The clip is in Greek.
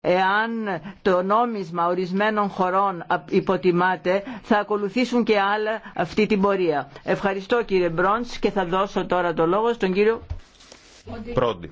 εάν το νόμισμα ορισμένων χωρών υποτιμάται θα ακολουθήσουν και άλλα αυτή την πορεία. Ευχαριστώ κύριε Μπρόντς και θα δώσω τώρα το λόγο στον κύριο Πρόντι.